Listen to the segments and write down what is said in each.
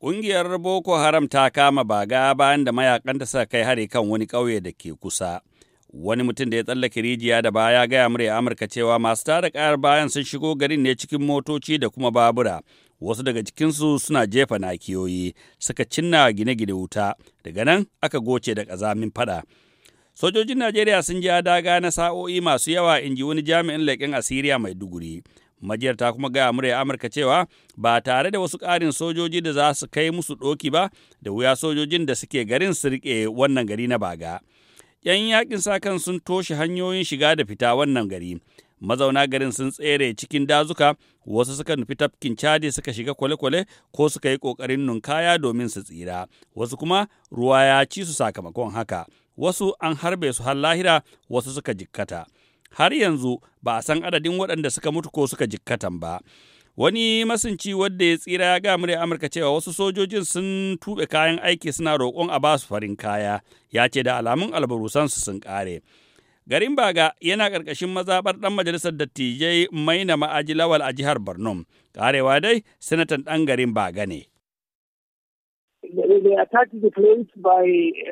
Ƙungiyar Boko Haram ta kama baga bayan da mayakanta suka kai hari kan wani ƙauye da ke kusa. Wani mutum da ya tsallake rijiya da baya ya gaya murya Amurka cewa masu tada ƙayar bayan sun shigo garin ne cikin motoci da kuma babura. Wasu daga cikinsu suna jefa nakiyoyi, suka cinna gine-gine wuta, daga nan aka goce da ƙazamin fada. Sojojin Najeriya sun ja daga na sa'o'i masu yawa in ji wani jami'in leƙen Asiriya mai duguri. Majiyar ta kuma gaya murya Amurka cewa ba tare da wasu ƙarin sojoji da za su kai musu ɗoki ba da wuya sojojin da suke garin su riƙe wannan gari na baga. 'Yan yaƙin sa sun toshe hanyoyin shiga da fita wannan gari. Mazauna garin sun tsere cikin dazuka, wasu suka nufi tafkin cadi suka shiga kwale-kwale ko suka yi ƙoƙarin nunkaya domin su tsira. Wasu kuma ruwa ya ci su sakamakon haka. Wasu an harbe su har lahira, wasu suka jikkata. har yanzu ba a san adadin waɗanda suka mutu ko suka jikkatan ba. Wani masunci wadda ya tsira ya ga murya Amurka cewa wasu sojojin sun tuɓe kayan aiki suna roƙon a basu farin kaya, ya ce da alamun albarusansu sun ƙare. Garin Baga yana ƙarƙashin mazaɓar ɗan majalisar dattijai maina ma'aji lawal a jihar Borno. Ƙarewa dai, sanatan ɗan garin Baga ne. the attack is place by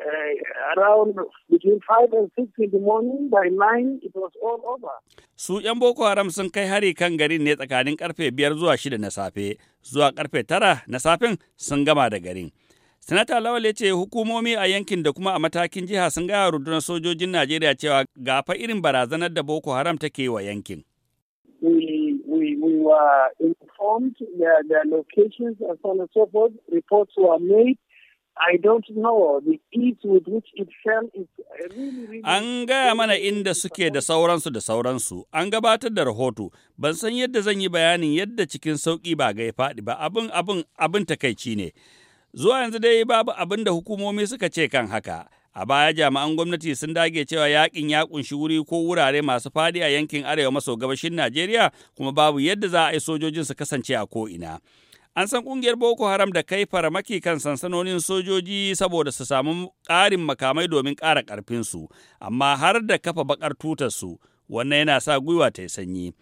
uh, around between 5 and 6 in the morning. By 9, it was all over. Su ‘yan Boko Haram sun kai hari kan garin ne tsakanin karfe 5 zuwa 6 na safe, zuwa karfe 9 na safen sun gama da garin. Sanata Lawal ya ce hukumomi a yankin da kuma a matakin jiha sun gaya rundunar sojojin Najeriya cewa ga fa irin barazanar da Boko Haram take wa yankin. were informed, that the locations and so on and so forth. Reports were made. An gaya mana inda suke da sauransu da sauransu, an gabatar da rahoto, ban san yadda zan yi bayanin yadda cikin sauƙi ba ga ya faɗi ba, abin abin abin takaici ne. Zuwa yanzu dai babu abin da hukumomi suka ce kan haka. A baya jami'an gwamnati sun dage cewa yaƙin ya kunshi wuri ko wurare masu faɗi a yankin arewa maso gabashin Najeriya kuma babu yadda za a yi sojojin su kasance a ko'ina. An san ƙungiyar Boko Haram da kai farmaki kan sansanonin sojoji saboda su samu ƙarin makamai domin ƙara ƙarfinsu, amma har da kafa baƙar tutarsu, wannan yana sa gwiwa ta yi sanyi.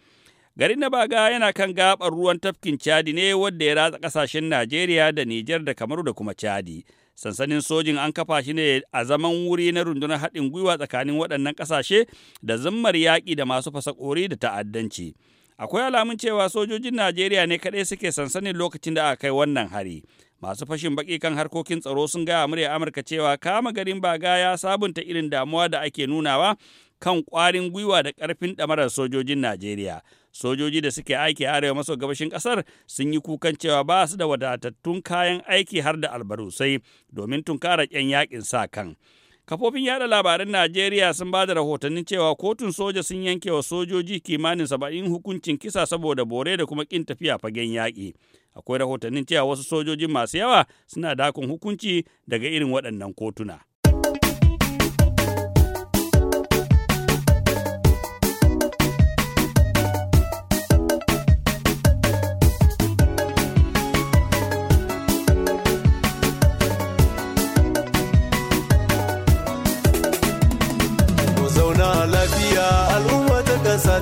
Garin na Baga yana kan gaɓar ruwan tafkin Chadi ne wadda ya ratsa ƙasashen Najeriya da Nijar da Kamaru da kuma Chadi. sansanin sojin an kafa shi ne a zaman wuri na rundunar haɗin gwiwa tsakanin waɗannan ƙasashe da zammar yaƙi da masu fasakori da ta'addanci akwai alamun cewa sojojin Najeriya ne kaɗai suke sansanin lokacin da aka kai wannan hari. Masu fashin baƙi kan harkokin tsaro sun gaya murya Amurka cewa kama garin baga ya sabunta irin damuwa da ake nunawa kan ƙwarin gwiwa da ƙarfin ɗamarar sojojin Najeriya. Sojoji da suke aiki a arewa maso gabashin ƙasar sun yi kukan cewa ba su da wadatattun kayan aiki har da albarusai domin tunkarar 'yan yaƙin sa kan. Kafofin yada labaran Najeriya sun ba da rahotannin cewa kotun soja sun yanke wa sojoji kimanin saba'in hukuncin kisa saboda bore da kuma kin tafiya fagen yaƙi. Akwai rahotannin cewa wasu sojoji masu yawa suna dakon hukunci daga irin waɗannan kotuna.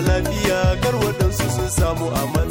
lafiya kar waɗansu su samu amana